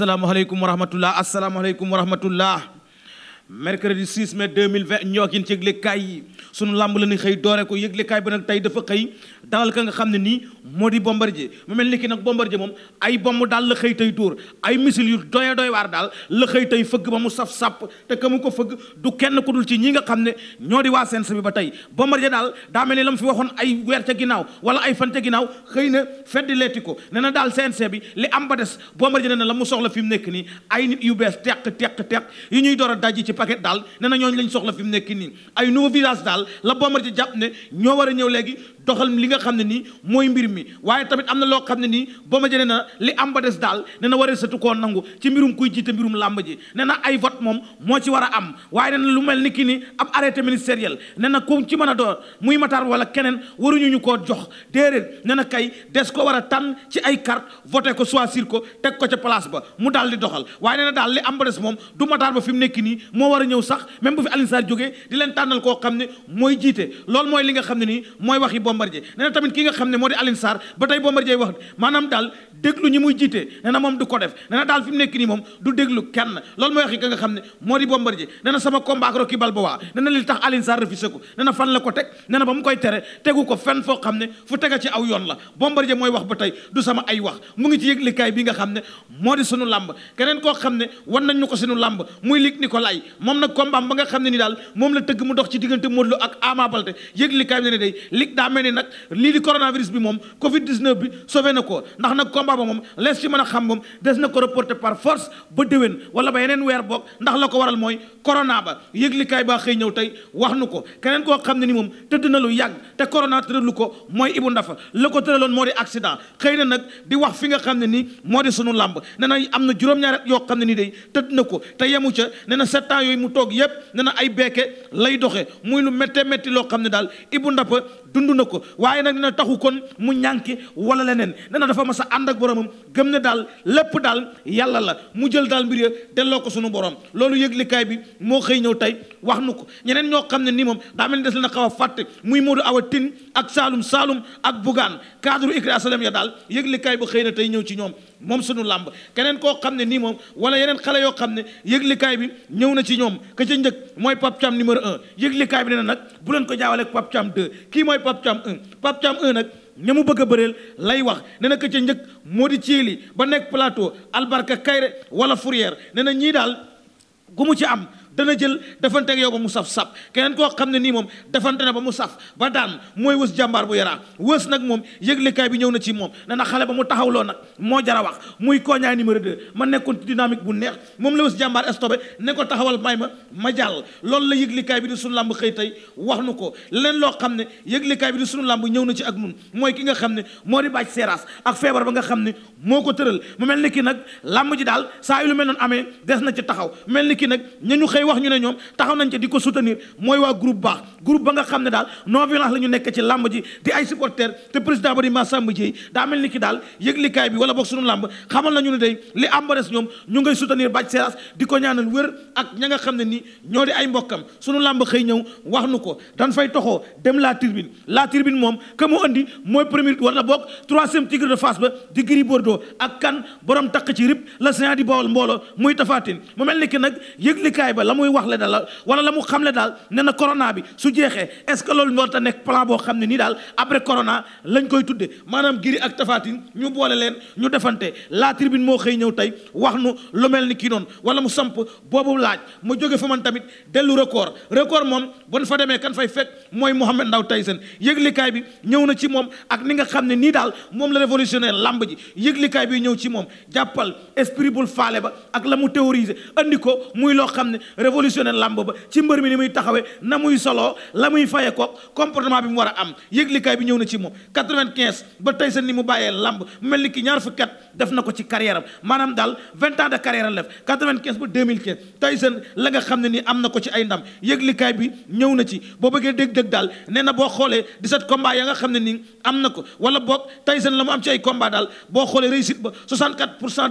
asalaamaaleykum wa rahmatulah asalaamaaleykum wa rahmatulah mercredi 6 mai 2020 ñoo ak yéen ci yëgle kaay yi. sunu làmb la ni xëy doore ko yëglekaay bi nag tey dafa xëy dalal ka nga xam ne nii moo di bombardier mu mel ni kii nag bombardier moom ay bomb daal xëy tey dóor ay misil yu doye waar daal la xëy tey fëgg ba mu saf sàpp te mu ko fëgg du kenn ku dul ci ñi nga xam ne ñoo di waa seen ba tey bombardier daal daa mel ni la mu fi waxoon ay weer ca ginnaaw wala ay fan ca ginnaaw xëy na feddi leeti ko nee na daal CNC bi li am ba des bombardier nee na la mu soxla fi mu nekk nii ay nit yu bees teq teq teq yu ñuy door a dajji ci paquet daal ne na ñooñu lañ soxla fi mu nekk nii ay nouveau visage daal daal la Bombardier jàpp ne ñoo war a ñëw léegi doxal li nga xam ne nii mooy mbir mi waaye tamit am na loo xam ne nii Bombardier nee na li am ba des daal nee na ci mbirum kuy jiite mbirum làmb ji ne na ay vote moom moo ci war a am waaye lu mel ni ki ni ab arrêté ministériel nee na ku ci mën a doon muy Matar wala keneen waruñu ñu koo jox déedéet nee na kay des ko war a ci ay carte ko choisir ko teg ko ca mu daal di doxal waaye nee na daal li am ba des moom du Matar ba fi mu nekk nii moo war a ñëw sax même bu fi Alioune Sarr di leen tànnal koo xam ne mooy jiite loolu mooy li nga xam ne nii mooy waxi Bombardier nee na tamit ki nga xam ne moo di Alioune Sarr ba tey Bombardier wax maanaam daal déglu ñi muy jiite nee na moom du ko def nee daal fi mu nekk nii moom du déglu kenn loolu mooy waxi ka nga xam ne moo di Bombardier nee na sama combat ak Rocky Balboa nee na li tax Alioune Sarr refusé ko nee fan la ko teg nee na ba mu koy tere tegu ko fenn foo xam ne fu tega ci aw yoon la Bombardier mooy wax ba tey du sama ay wax mu ngi ci yëglikaay bi nga xam ne moo di sunu làmb keneen koo xam ne wan nañ ñu ko sunu làmb muy Luc Nicolaï moom nag combat ba nga xam ne ni daal moom la tëgg mu dox ci diggante Modou Lo ak Ama Baldé yëglikaay ni nag lii di coronavirus bi moom covid 19 bi sauvé na ko ndax nag combat combat ba moom lees ci mën a xam moom des na ko reporter par force ba déwén wala ba yeneen weer boog ndax la ko waral mooy corona ba yëglikaay baa xëy ñëw tey wax nu ko keneen koo xam ne ni moom tëdd na lu yàgg te corona tëralu ko mooy Ibou Ndafa la ko tëraloon moo na di wax fi nga xam ne nii moo di sunu làmb nee na am na juróom-ñaari yoo xam ne ni day tëdd na ko te yemu ca na sept ans yooyu mu toog yëpp nee na ay beeke lay doxe muy lu méttee métti loo xam ne daal Ibou Ndafa dund na ko waaye nag nee na taxu kon mu ñànki wala leneen nee na dafa mas a ànd boromam gëm ne daal lépp daal yàlla la mu jël daal mbir ya delloo ko sunu borom loolu yëglikaay bi moo xëy ñëw tey wax nu ko ñeneen ñoo xam ne nii moom daa mel ni des na xaw a fàtte muy Modou Awa tin ak Saalum Saalum ak Bougane cadre Ikra Salem ya daal yëglikaay ba xëy na tey ñëw ci ñoom moom sunu làmb keneen koo xam ne nii moom wala yeneen xale yoo xam ne yëglikaay bi ñëw na ci ñoom ka ca njëkk mooy Pape Thiam numéro un yëglikaay bi nee na nag bu leen ko jaawale ak Pape Thiam deux kii mooy Pape Thiam un Pape Thiam un ña mu bëgg a bëreel lay wax nee na ka ca njëkk moo di Thiély ba nekk plateau albarka kayre wala fourrière nee na ñii daal gu mu ci am dana jël defante ak yow ba mu saf saf keneen koo xam ne nii moom defante na ba mu saf ba daan mooy wës jàmbaar bu yaraa wës nag moom yëglekaay bi ñëw na ci moom nee xale ba mu taxawloo nag moo jara wax muy koñaa numéro 2 ma nekkoon ci bu neex moom la wës jàmbaar stoppé ne ko taxawal may ma ma jàll loolu la yëglekaay bi di sunu làmb xëy tey wax nu ko leneen loo xam ne yëglekaay bi di sunu làmb ñëw na ci ak nun mooy ki nga xam ne moo di bàcc seeraas ak feebar ba nga xam ne moo ko tëral mu mel ni kii nag làmb ji daal saa yu lu mel noon amee des na ci taxaw xëy wax ñu ne ñoom taxaw nañ ca di ko soutenir mooy waa groupe baax groupe ba nga xam ne daal non violence la ñu nekk ci làmb ji di ay supporters te président ba di Massamba Dieye daa mel ni ki daal yëglikaay bi wala boog sunu làmb xamal nañu ne day li ambares ñoom ñu ngay soutenir Bathie Seras di ko ñaanal wér ak ña nga xam ne nii ñoo di ay mbokkam sunu làmb xëy ñëw wax nu ko dañ fay toxo dem la tribune la tribune moom que mu andi mooy premier wala boog troisième tigre de face ba di Gris Bordeaux ak kan borom takk ci rib la séant di bawal mbooloo muy tafaatin mu mel la muy wax le na la wala la mu xam le daal ne na corona bi su jeexee est-ce que loolu war ta nekk plan boo xam ne nii daal après corona lañ koy tudde maanaam giri ak tafaatin ñu boole leen ñu defante la tribune moo xëy ñëw tey wax nu lu mel ni kii noonu wala mu samp boobu laaj mu jóge fa man tamit dellu record record moom bon fa demee kan fay fekk mooy Mouhamed Ndaw Tyson yëglikaay bi ñëw na ci moom ak ni nga xam ne nii daal moom la révolutionnaire làmb ji yëglikaay bi ñëw ci moom jàppal esprit bul faale ba ak la mu théoriser andi muy loo xam ne révolutionné làmb ba ci mbër mi ni muy taxawee na muy soloo la muy faye ko comportement bi mu war a am yëglikaay bi ñëw na ci moom 95 ba tey ni mu bàyyee làmb mu mel ni ki ñaar fukki at def na ko ci carrière am maanaam daal 20 ans de carrière la def 95 ba 2015 tey seen la nga xam ne ni am na ko ci ay ndam yëglikaay bi ñëw na ci boo bëggee dégg-dégg daal nee na boo xoolee 17 combats ya nga xam ne ni am na ko wala boog tey seen la boo xoolee réussite ba 64 pour cent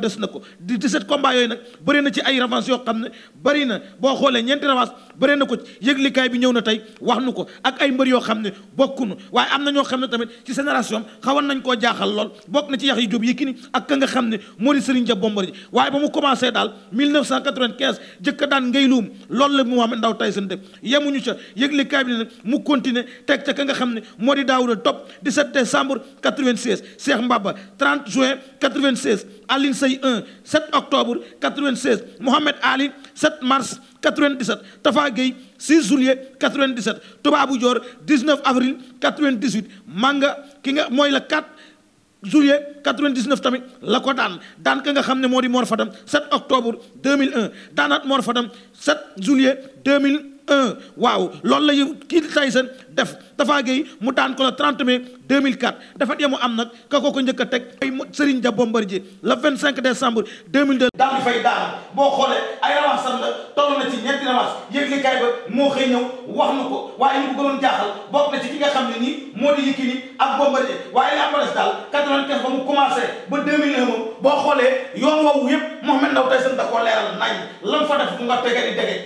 des na ko di 17 combats yooyu nag bëri na ci ay revanche yoo xam ne bëri na boo xoolee ñeenti revanche bëri na ko yëglikaay bi ñëw na tey wax nu ko ak ay mbër yoo xam ne bokkunu waaye am na ñoo xam ne tamit ci génération xawoon nañ koo jaaxal lool bokk na ci yax yi jób yi ki ni ak ka nga xam ne moo di Serigne Dia Bombardier waaye ba mu commencé daal 1995 jëkka daan ngay luum loolu la Mohamed Ndao Tyson def yemuñu ca yëglikaay bi ne nag mu continuer teg ca nga xam ne moo di Daouda Top 17 décembre 96 Cheikh Mbaba 30 juin 96 Aline Seye Sey 1 7 octobre 96 Mohamed Ali 7 mars 97 Tafa Gueye 6 juillet 97 Toubabou Dior 19 avril 98 Manga ki nga mooy la 4 juillet 99 tamit la ko daan daan ka nga xam ne moo di Mor Fadam 7 octobre 2001 daanaat Mor Fadam 7 juillet 2001 waaw loolu la yu kii Tyson def. Tafa Gueye mu daan ko le 30 mai 2004 dafa demu am nag ka ko ko a teg ay Serigne Dia Bombardier di la toll ba moo xëy ñëw wax na ko waaye ci ki nga xam ne nii moo di Yékini ak Bombardier waaye li am ba des daal 95 mu commencé ba 2001 moom boo xoolee def bu nga tege di dege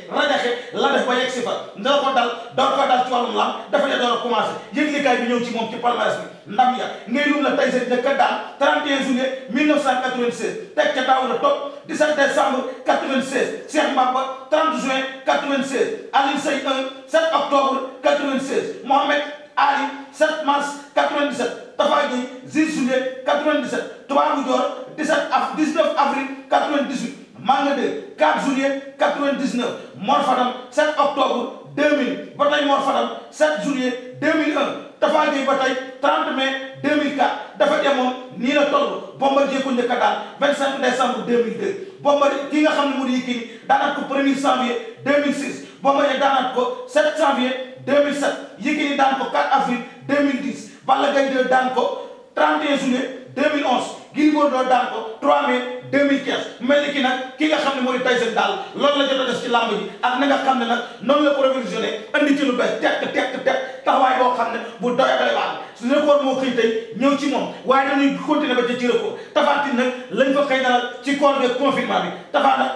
la def ba yegg si dafa ne commencé yëglekaay bi ñëw ci moom ci palmarès bi ndam ya ngay lum la tay seen dëkk daal 31 juillet 1996 teg ca daaw la topp 17 décembre 96 Cheikh Mbamba 30 juin 96 Alioune Seye 1 7 octobre 96 Mohamed Ali 7 mars 97 Tafa Gueye 10 juillet 97 Touba Ndior 17 af 19 avril 98 Manga 2 4 juillet 99 Mor Fadam 7 octobre. 2000 bataille Mor Fadam 7 juillet 2001 Tafa Gueye bataille 30 mai 2004 dafa demoon nii la toll Bombardier ku njëkk a daal 25 décembre 2002 Bombardier ki nga xam ne mu di Yékini daanaat ko 1er janvier 2006 Bombardier daanaat ko 7 janvier 2007 Yékini daan ko 4 avril 2010 Balla Gaye 2 daan ko 31 juillet 2011 Gris Bordeaux daan ko 3 mai. 2015 mel ni ki nag ki nga xam ne mooy Tyson daal loolu la jot a def ci làmb ji ak na nga xam ne nag noonu la ko révolutionné andi ci lu bees tekk tekk tekk taxawaay boo xam ne bu doy doy waar record moo xëy moom waaye dañuy continuer ba ca nag lañ fa xëy dalal ci corps nag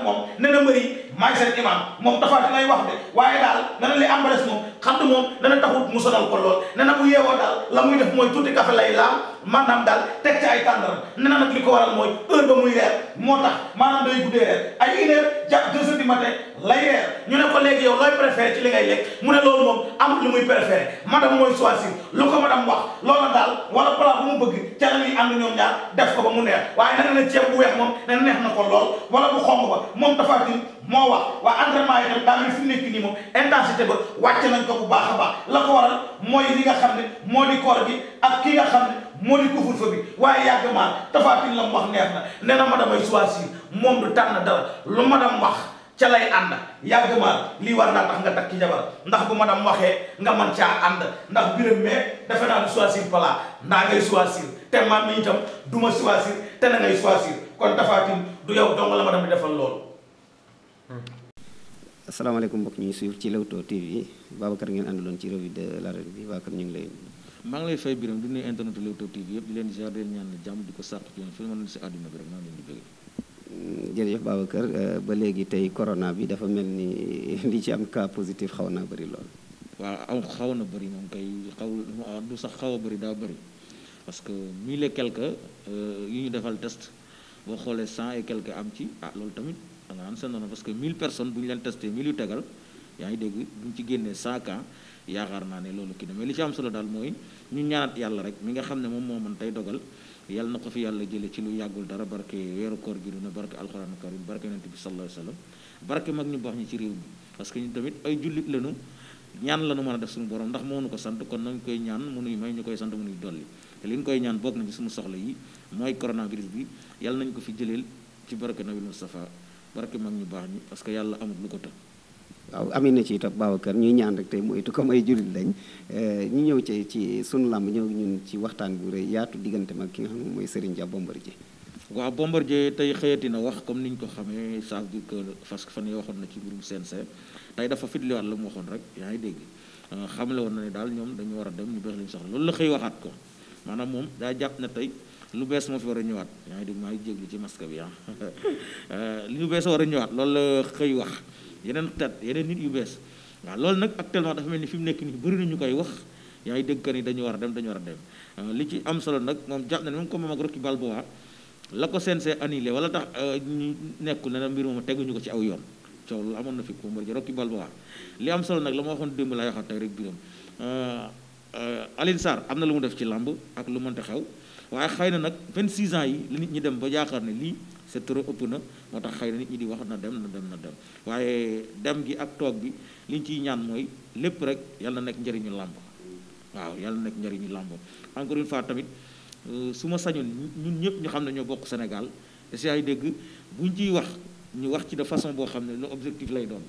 moom nee na mbëri maay seen imam moom tafaatin lay wax de waaye daal nee na li am ba des moom xam ne moom dana taxut mu sonal ko lool nee na bu yeewoo daal la muy def mooy tuuti café lay laal maanaam daal teg ci ay tàndaram nee na nag li ko waral mooy heure ba muy reer moo tax maanaam day guddee reer ay une heure jàpp deux heures du matin lay reer ñu ne ko léegi yow looy préféré mu ne loolu moom amul lu muy préféré madame mooy choisir lu ko madame wax loola daal wala plat bu mu bëgg ca la ñuy ànd ñoom ñaar def ko ba mu neex waaye nee na ceeb bu weex moom nee na neex na ko lool wala bu xonq ba moom dafa tin moo wax waa entraînement yi tam daa mel fi mu nekk ba wàcc nañ ko bu baax a baax la ko waral mooy li nga xam moo di koor gi ak ki nga moo di kufur fa bi waaye yàgg maar tafaatin la mu wax neex na nee na ma damay choisir moom du tànn dara lu ma dam wax ca lay ànd yàgg maar lii war naa tax nga takki jabar ndax bu ma dam waxee nga man caa ànd ndax biram mais defe naa du choisir palaa ndaa ngay choisir te man mi itam du ma choisir te na ngay choisir kon tafaatin du yow dong la ma dam di defal loolu asalaamaaleykum mbokk ñuy suivre ci Leewtoo TV Babacar ngeen àndaloon ci revue de l'arène bi waa kër ñu ngi lay maa ngi fay biram di nuyu internet Leewtoo TV yëpp di leen ziar di leen ñaan jàmm di ko sàrtu ci yoon fi mën si àdduna bi rek maa ngi di bëgg jërëjëf Babacar euh, ba léegi tey corona bi dafa mel ni li ci am cas positif xaw naa bëri lool. waa aw xaw na bëri moom kay xaw lu sax xaw a bëri daa bëri parce que mille et quelques euh, yi ñu defal test boo xoolee cent et quelques am ci ah loolu tamit da nga parce que mille personnes bu ñu leen testé mille yu tegal yaa ngi dégg bu ñu ci génnee cent yaakaar naa ne loolu kii na li ci am solo daal mooy ñu ñaanat yàlla rek mi nga xam ne moom moo man tey dogal yàlla na ko fi yàlla jële ci lu yàggul dara barke weeru koor gi duna barke alxuraanu karim barke yonent bi sallallahu alayhi wasallam barke mag ñu baax ñi ci réew mi parce que ñu tamit ay jullit lañu ñaan la lañu mën a def suñu borom ndax moo nu ko sant kon nañu koy ñaan mënuy may ñu koy sant mënuy dolli te li ñu koy ñaan bokk na ci suñu soxla y mooy coronavirus bi yàlla nañu ko fi jëleel ci barke nabil Mustafa barke mag ñu baax parce que yàlla amul lu ko të waaw amina ci topp Babacar ñuy ñaan rek tey mu moytu comme ay jullit lañ eh, ñu ñëw ci ci sunu làmb ñëw ñun ci waxtaan bu rëy yaatu diggante mag ki nga xam ne mooy Serigne Dia Bombardier waaw Bombardier tey xëyati wax comme ni ñu ko xamee ça parce que fan yi waxoon na ci mbirum CNG tey dafa fitliwaat la mu waxoon rek yaa ngi dégg xam euh, xamle woon na ne daal ñoom dañu war a dem ñu bees lañu soxla loolu la xëy waxaat ko maanaam moom daa jàpp na tey lu bees moo fi war a ñëwaat yaa ngi dégg maa ngi jéglu ci masque bi ah euh, li ñu bees war a ñëwaat loolu la xëy wax yeneen tat yeneen nit yu bees waaw loolu nag actuellement dafa mel ni fi mu nekk nii bëri na ñu koy wax yaa ngi dégg ni dañu war a dem dañu war a dem euh, li ci am solo nag moom jàpp na ne moom combat ak Rocky Balboa la ko sensee annulé wala tax euh, ñu nekkul ne mbir moom teguñu ko ci aw yoon coow lu na fi Bombardier Rocky Balboa li am solo nag la ma waxoon démb laay waxaat tey rek biram euh, Alioune Sarr am na lu mu def ci làmb ak lu mënta xew waaye xëy na nag 26 ans yi li nit ñi dem ba yaakaar ne lii c'est trop ëpp na moo tax xëy na nit ñi di wax na dem na dem na dem waaye dem gi ak toog bi liñ ciy ñaan mooy lépp rek yàlla na nekk njëriñu làmb waaw yàlla na nekk njëriñu làmb encore une fois tamit euh, su ma sañoon ñun ñëpp ñu xam ne ñoo bokk Sénégal si ay dégg buñ ciy wax ñu wax ci de façon boo xam ne lu objectif lay doon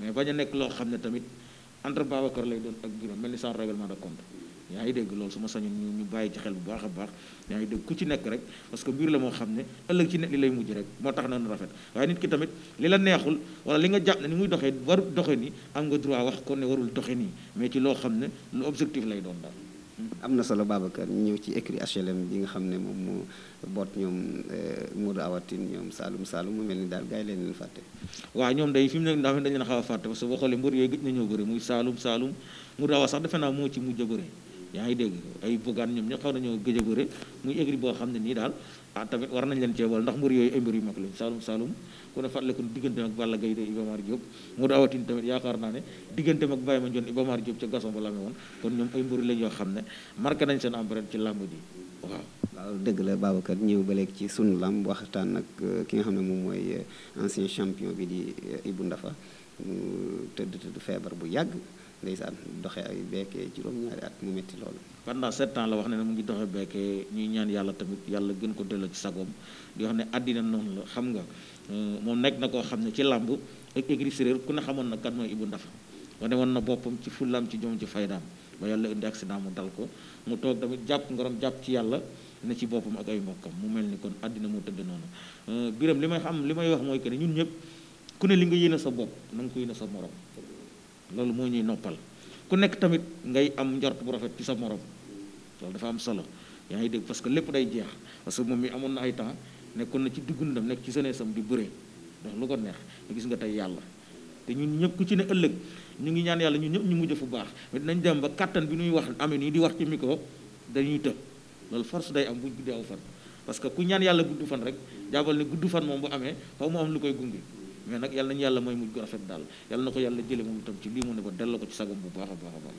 mais bañ a nekk loo xam ne tamit entre Babacar lay doon ak bureau mel ni sans règlement de compte yaa ngi dégg loolu su ma sañoon ñu bàyyi ci xel bu baax a baax yaa ngi dégg ku ci nekk rek parce que mbir la moo xam ne ëllëg ci ne li lay mujj rek moo tax na nañu rafet waaye nit ki tamit li la neexul waa li nga jàpp ne ni muy doxee war doxe ni am nga wax ko ne warul doxe nii mais loo xam ne lu objectif lay doon am na solo Babacar ñëw ci écrit HLM bi nga xam ne moom mu boot ñoom eh, Modou Awatine ñoom Saloum Saloum mu mel ni leen fàtte waaw ñoom day fi mu ne dañ leen xaw a fàtte parce que boo xoolee mbër yooyu gëj na ñoo bëri muy Saloum Saloum Modou Awa sax defe naa moo ci mujj a bëri yaa ngi dégg ay bugaan ñoom ñoo xaw nañoo gëj a bëre muy écrit boo xam ne nii daal ah tamit war nañ leen cee boole ndax mbir yooyu ay mbir yu mag lañ Saloum Saloum a ne fàttaliku diggante ak Balla gay de Iba Mar Diop mu daawatin tamit yaakaar naa ne diggante ak Baye Mandione Iba Mar Diop ca Gasson ba la amee woon kon ñoom ay mbir lañ yoo xam ne mark nañ seen empreinte ci làmb ji waaw waaw dëgg la Babacar ñëw ba léegi ci sunu làmb waxtaan nag euh, ki nga xam ne moom mooy euh, ancien champion bi di euh, Ibou Ndafa mu tëdd tëdd feebar bu yàgg ndeysaan doxee ay beekee juróom-ñaari at mu métti loolu pendant sept ans la wax ne ne mu ngi doxe beekee ñuy ñaan yàlla tamit yàlla gën ko delloo ci sagoom di wax ne àddina noonu la xam nga euh, moom nekk na koo xam ne ci làmb ak égri séréer ku ne xamoon na kan mooy Ibou Ndafa wane woon na boppam ci fullaam ci jom ci faydaam ba yàlla indi accident mu dal ko mu toog tamit jàpp ngorom jàpp ci yàlla ne ci boppam ak ay mbokkam mu mel ni kon àddina mu tëdd noonu euh, biram li may xam li may wax mooy que ne ñun ñëpp ku li nga sa bopp na nga sa morom loolu moo ñuy noppal ku nekk tamit ngay am njort bu rafet ci sa morom loolu dafa am solo yaa ngi dégg parce que lépp day jeex parce que moom mi amoon na ay temps nekkoon na ci duggundam nekk ci jeunesse sam di bëree ndax lu ko neex te gis nga tey yàlla te ñun ñëpp ku ci ne ëllëg ñu ngi ñaan yàlla ñun ñëpp ñu mujj fu baax mais dinañ dem ba kattan bi ñuy wax amee nii di wax ci micro dañuy tëb loolu force day am bu guddee aw fan parce que ku ñaan yàlla gudd fan rek jàppal gudd fan moom bu amee xaw mu lu koy gunge. mais nag yàlla nañu yàlla mooy mujj rafet daal yàlla na ko yàlla jële moom itam ci lii mu ne ba delloo ko ci sagam bu baax a baax a baax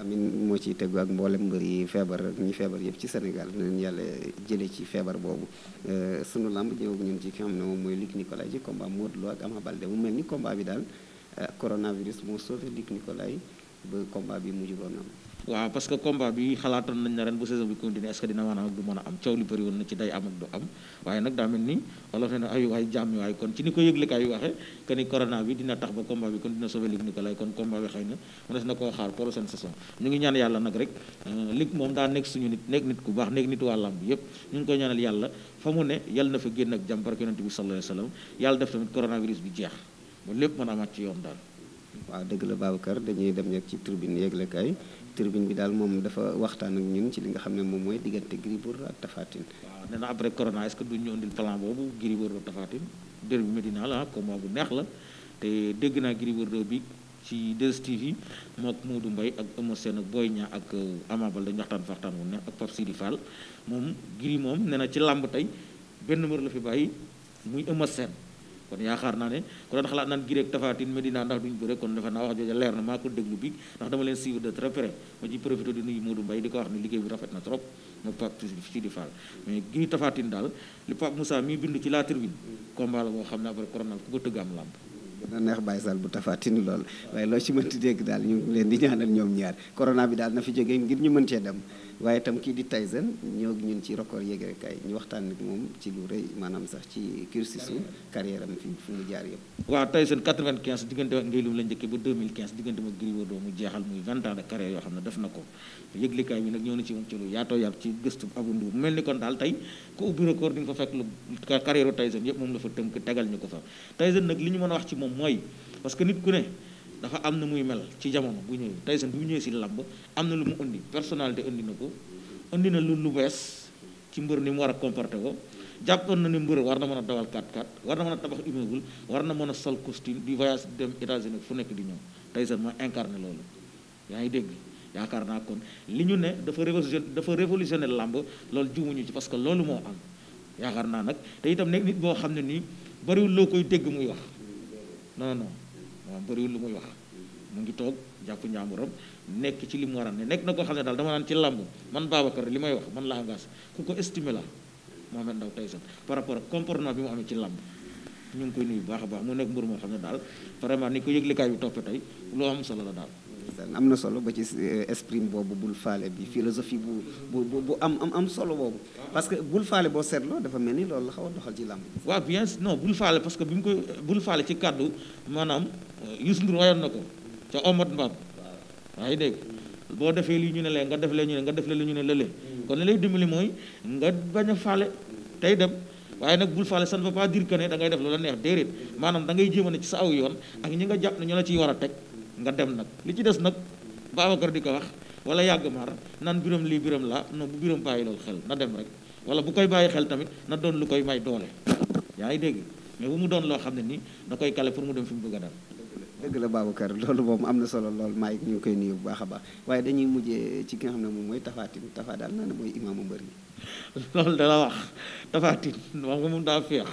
amin moo ciy tegu ak mboolem mbër yi feebar ñi feebar yëpp ci Sénégal dinañ yàlla jële ci feebar boobu euh, sunu làmb ñëwagu ñun ci ki xam ne moom mooy Luc Nicolaï ci combat Modou Lo ak Ama Baldé mu mel ni combat bi daal euh, coronavirus moo sauvé Luc Nicolaï ba combat bi mujj doon am waaw parce que combat bi xalaatoon nañ ne ren bu saison bi continuer est-ce dina mën a am du mën a am coow li ci day am ak du am waaye nag daa mel ni wala ne ay waay jàmm waay kon ci ni ko yëglekaay yi waxee que ni corona bi dina tax ba combat bi kon dina sauver Luc Nicolaï kon combat bi na mënees na koo xaar saison ñu ngi ñaan yàlla nag rek euh, Luc moom daa nekk suñu nit nekk nit ku baax nekk nit waa làmb yépp ñu ngi koy ñaanal yàlla fa mu ne yàlla na fa génn ak jàmm barke yonent yàlla def tamit bi jeex ba lépp a amaat yoon daal waaw dëgg la Babacar dañuy dem rek ci tribune yégle kay tribune bi daal moom dafa waxtaan ak ñun ci li nga xam ne moom mooy diggante Gris Bordeaux ak Tapha Tine. na après corona est-ce que duñ ñu indil plan boobu Gris Bordeaux Tapha Tine derby bi Medina la combat bu neex la te dégg naa Gris Bordeaux bi ci 2STV moo ak Modou Mbaye ak Eumeu Sène ak Boy Niang ak euh, Ama Baldé dañu waxtaan waxtaan wu neex ak Pape Sidi Fall moom Gris moom nee na ci làmb tey benn mbër la fi bàyyi muy Eumeu Sène kon yaakaar naa ne ku doon xalaat naan Gris ak Medina ndax duñ bëre kon defe naa wax jooja leer na maa ko déglu bi ndax dama leen suivre de très près ma ci profité di nuyu Modou Mbaye di ko wax ne liggéey bi rafet na trop mo daal li Pape mii bind ci la tribune combat boo xam ne après coronal ku ko tëgg am làmb neex Baye bu Tapha Tine lool waaye loo ci mënti dégg daal ñu leen di ñaanal ñoom ñaar corona bi daal na fi jógee ngir ñu mën cee dem waaye tam kii di Tyson ñoo ñun ci record yéeglekaay ñu waxtaan ak moom ci lu rëy maanaam sax ci cursus carrière am fi fu mu jaar yëpp. waaw Tyson 95 diggante ak ngay lum la njëkkee ba 2015 diggante ma Gris Bordeaux mu jeexal muy 20 ans de yoo xam ne def na ko yéeglekaay bi nag ñëw na ci lu yaatoo yaat ci gëstu Abou Ndour mel ni kon daal tey ku ubbi record di nga fa fekk lu carrière Tyson yëpp moom la fa tënk tegal ñu ko fa Tyson nag li ñu mën a wax ci moom mooy dafa am na muy mel ci jamono bu ñëw Tyson bu ñëwee si làmb am na lu mu indi personnalité indi na ko indi na lu lu bees ci mbër ni mu war a comporté ko jàppoon na ni mbër war na mën a dawal 4 war na mën a tabax immeuble war na mën a sol costume di voyage dem États-Unis fu nekk di ñëw Tyson mooy incarné loolu yaa ngi dégg yaakaar naa kon li ñu ne dafa révolution dafa révolutionné làmb loolu juumuñu ci parce que loolu moo am yaakaar naa nag te itam nekk nit boo xam ne nii bariwul loo koy dégg muy wax non moom bëriwul lu muy wax mu ngi toog jàpp njàmburam nekk ci li mu war a ne nekk na koo xam ne daal dama naan ci làmb man Babacar li may wax man la engagé ku ko estimé la Mohamed Ndao Tyson par rapport ak comportement bi mu amee ci làmb ñu ngi koy nuyu bu baax a baax mu nekk mbir moo xam ne daal vraiment ni ko yëglikaay bi topp tey loo am solo la daal ndeysaan am na solo ba ci eh, esprit boobu bul faale bi philosophie bu bu bu am am am solo boobu parce que bul faale boo seetloo dafa mel ni loolu la xaw a doxal ci làmb bi waaw bien non bul faale parce ko bul faale ci kàddu maanaam euh, Youssou Ndour na ko ca omat mbaam yaa ngi dégg boo defee ñu ne lee nga def lee ñu ne nga def lee ñu ne lële kon li lay dimbali mooy a faale tey dem waaye nag bul faale ça ne veut pas dire ne da ngay def loola neex déedéet maanaam da ngay a ci sa aw yoon ak ñi nga jàpp ne la ciy war a teg nga dem nag li ci des nag Babacar di ko wax wala yàgg maar nan biram lii biram laa non bu biram bàyyi loolu xel na dem rek wala bu koy bàyyi xel tamit na doon lu koy may doole yaa ngi dégg bu mu doon loo xam ne nii da koy kale pour mu dem fi mu bëgg dem dëgg la Babacar loolu moom am na solo lool maa ngi ñu koy nuyu bu baax a baax waaye dañuy mujjee ci ki nga xam ne moom mooy tafaatin tafa daal naa ne mooy imaamu mbër yi loolu dala wax tafaatin wax nga moom daa feex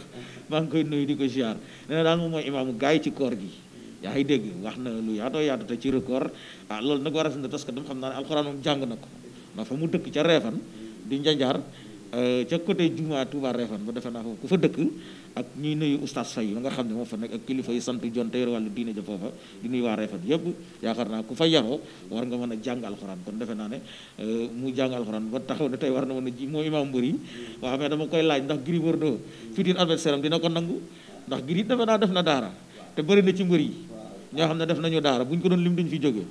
maa ngi koy nuyu di ko ziar nee na daal moom mooy imaamu gaay ci koor gi yaa ngi dégg wax na lu yaatoo yaatu te ci record ah loolu nag war a firnde parce que dama xam naa ne alxuraan moom jàng ko ndax fa mu dëkk ca reefan di njanjaar euh, ca côté juma Touba reefan ba defe naa foofu ku fa dëkk ak ñuy nuyu oustaz Faye ma nga xam ne moo fa nekk ak kilifa yi sant jon te yor wàllu diine ja foofa di nuyu waa reefan yëpp yaakaar naa ku fa yaroo war nga mën a jàng alxuraan kon defe naa ne euh, mu jàng alxuraan ba taxaw ne tey war na mën a ji moo imaam mbër yi waaw mais dama koy laaj ndax Gris Bordeaux futur adversaire am dina ko nangu ndax Gris defe naa def na daara te bëri na ci mbër yi ñoo xam ne def nañu daara bu ñu ko doon lim duñ fi jógee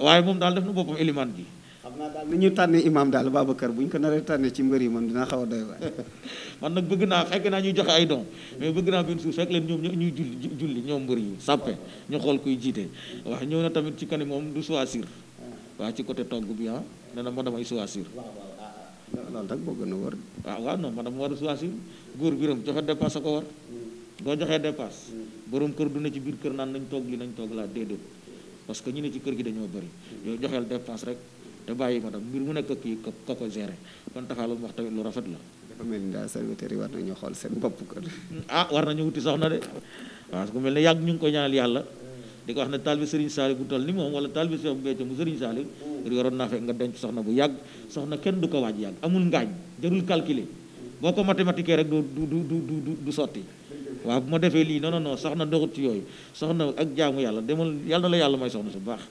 waaye moom daal def na boppam élimaan gi xam naa daal ni ñu tànnee imaam daal Babacar bu ñu ko naree tànnee ci mbër yi man dinaa xaw a doy man nag bëgg naa fekk naa ñuy joxe ay don ma bëgg naa benn suuf fekk leen ñuy julli julli ñoom mbër yi sàppe ñu xool kuy jiite waaw ñëw na tamit ci kanam moom du choisir waaw ci côté togg bi ah nee na ma damay choisir ah, ah, loolu nag boo gën a war waaw waaw non ma dama war a choisir góor biram joxe dépassé ko war hmm. boo joxee dépasse borom kër du ne ci biir kër naan nañ toog li nañ toog laa déedéet parce que ñu ne ci kër gi dañoo bëri yow joxeel dépense rek te bàyyi ma tam mbir mu nekk kii ka ko gérer kon taxaa lu mu wax tamit lu rafet la dafa mel ni daal serviteurs yi xool seen bopp kër ah war nañu wuti soxna de waaw ku mel ne yàgg ñu ngi ko ñaanal yàlla di ko wax ne taalibe Serigne Saliou bu toll ni moom wala taalibe Cheikh Béthio mu Serigne Saliou waroon naa fekk nga denc soxna bu yàgg soxna kenn du ko waaj yàgg amul ngaañ jarul calculer boo ko mathématiquer rek du du du du sotti waaw bu ma defee lii non non soxna doxut ci yooyu soxna ak jaamu yàlla demal yàlla na la yàlla may soxna su baax.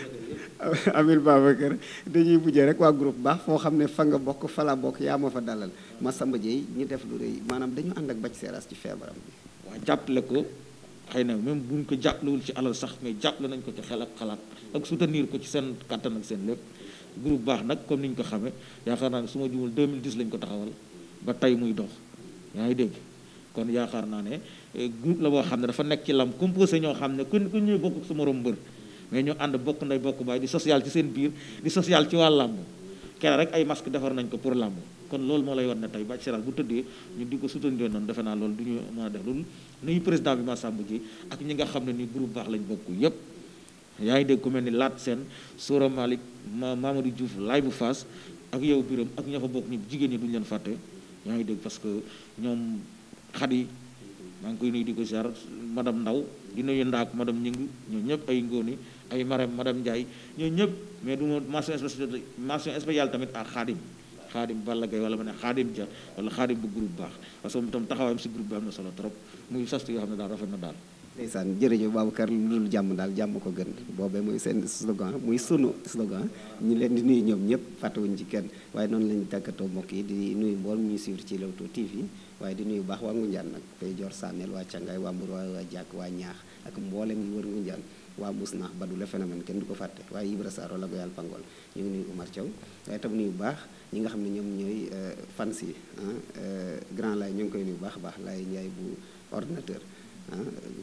Amir Babacar dañuy mujjee rek waa groupe baax foo xam ne fa nga bokk fa la bokk yaa ma fa dalal Massamba Dieye ñu def lu rëy maanaam dañu ànd ak Bathie Seras ci feebaram bi. jàppale ko xëy na même buñ ko jàppalewul ci alal sax mais jàppale nañ ko ci xel xalaat ak soutenir ko ci seen kattan ak seen lépp groupe baax nag comme ni ñu ko xamee yaakaar naa ne su ma jumul 2010 lañ ko taxawal. ba tey muy dox yaa ngi dégg kon yaakaar naa ne eh, groupe la boo xam ne dafa nekk ci lam composé ñoo xam ne ku ñuy bokk sa morom mbër mais ñu ànd bokk nday bokk baay di social ci seen biir di social ci waa làmb kenn rek ay masque defar nañ ko pour làmb kon loolu moo lay wan ne tey Bathie Seras bu tëddee ñu di ko soutenir noonu defe naa loolu du ñu mën a def loolu nuyu président bi Massamba Gueye ak ñi nga xam ne ni groupe baax lañ bokk yépp yaa ngi dégg ku mel ni Laat Sène Sora Malick Mamadou Diouf Laay bu Faas ak yow biram ak ña bokk ñi jigéen ñi duñu leen fàtte yaa ngi dégg parce que ñoom xadi maa ngi koy nii di ko ziar madame Ndaw di nuyu Ndaak madame Ñing ñoo ñëpp ay ngóoni ay maram madame Ndiaye ñoo ñëpp mais du ma mention spéciale mention spéciale tamit à xaadim xaadim Balla Gaye wala ma ne xaadim ja wala xaadim bu groupe baax parce que moom itam taxawaayam si group bi am na solo trop muy sastu yoo xam ne daal rafet na daal jërëñu jërëjëf Babacar lu jàmm daal jàmm ko gën boobee muy seen slogan muy sunu slogan ñu leen di nuyu ñoom ñëpp fàttewuñ ci kenn waaye noonu lañu tàggatoo mbokk yi di nuyu mbool mu ñuy suivre ci Leewtoo TV waaye di nuyu baax waa Ngunjaan nag tey Joor Saameel waa Cangaay waa Mbour waa Jàkk waa Ñaax ak mboolem yi wër Ngunjaan waa mus naax badu la phénomène kenn du ko fàtte waaye Ibra Saar la ko yàlla pangool ñu ngi nuyu Umar Thiaw waaye tam nuyu baax ñi nga xam ne ñoom ñooy euh, fans yi euh, grand lay ñu ngi koy nuyu baax baax lay Njaay bu ordinateur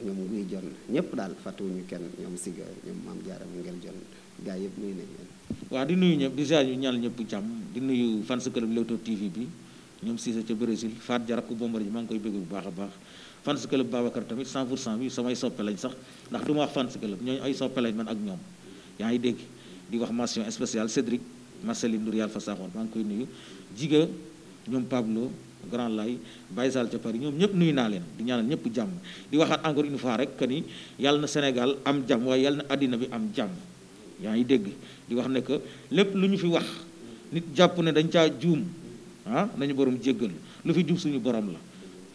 ñoom nguy jon ñëpp daal ñu kenn ñoom siga ñoom maam jaara mu ngel jon gaa yëpp nuyu nañ leen di nuyu ñëpp déjà ñu ñaal ñëpp jàmm di nuyu fans club Leewtoo TV bi ñoom Cissé ca Brésil Faat Jara ku bombar ji maa ngi koy bëgg bu baax a baax fans club Babacar tamit 100 pour cent bi samay soppe lañ sax ndax du ma wax fans club ñooñu ay soppe lañ man ak ñoom yaa ngi dégg di wax mention spéciale Cédric Marceline Ndour yàlla fa saaxoon maa ngi koy nuyu jiga ñoom Pablo grand lay Baye Sall ca Paris ñoom ñëpp nuyu naa leen di ñaanal ñëpp jàmm di waxaat encore une fois rek que ni yàlla na Sénégal am jàmm waaye yàlla na àddina bi am jàmm yaa ngi dégg di wax ne que lépp lu ñu fi wax nit jàpp ne dañ caa juum ah nañu borom jéggal lu fi jub suñu borom la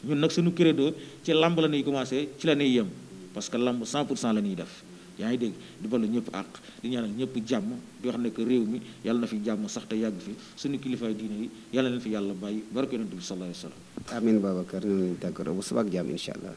ñun nag suñu credo ci làmb la ñuy commencé ci la ñuy yem parce que làmb 100 pour cent la ñuy def yaa ngi dégg di balu ñëpp àq di ñaanal ñëpp jàmm di wax ne que réew mi yàlla na fi jàmm sax yàgg fi suñu kilifaay diine yi yàlla leen fi yàlla bàyyi barke yonent bi sallallahu alayhi wa sallam amin Babacar ñu ngi tàggatoo bu subaak jàmm incha allah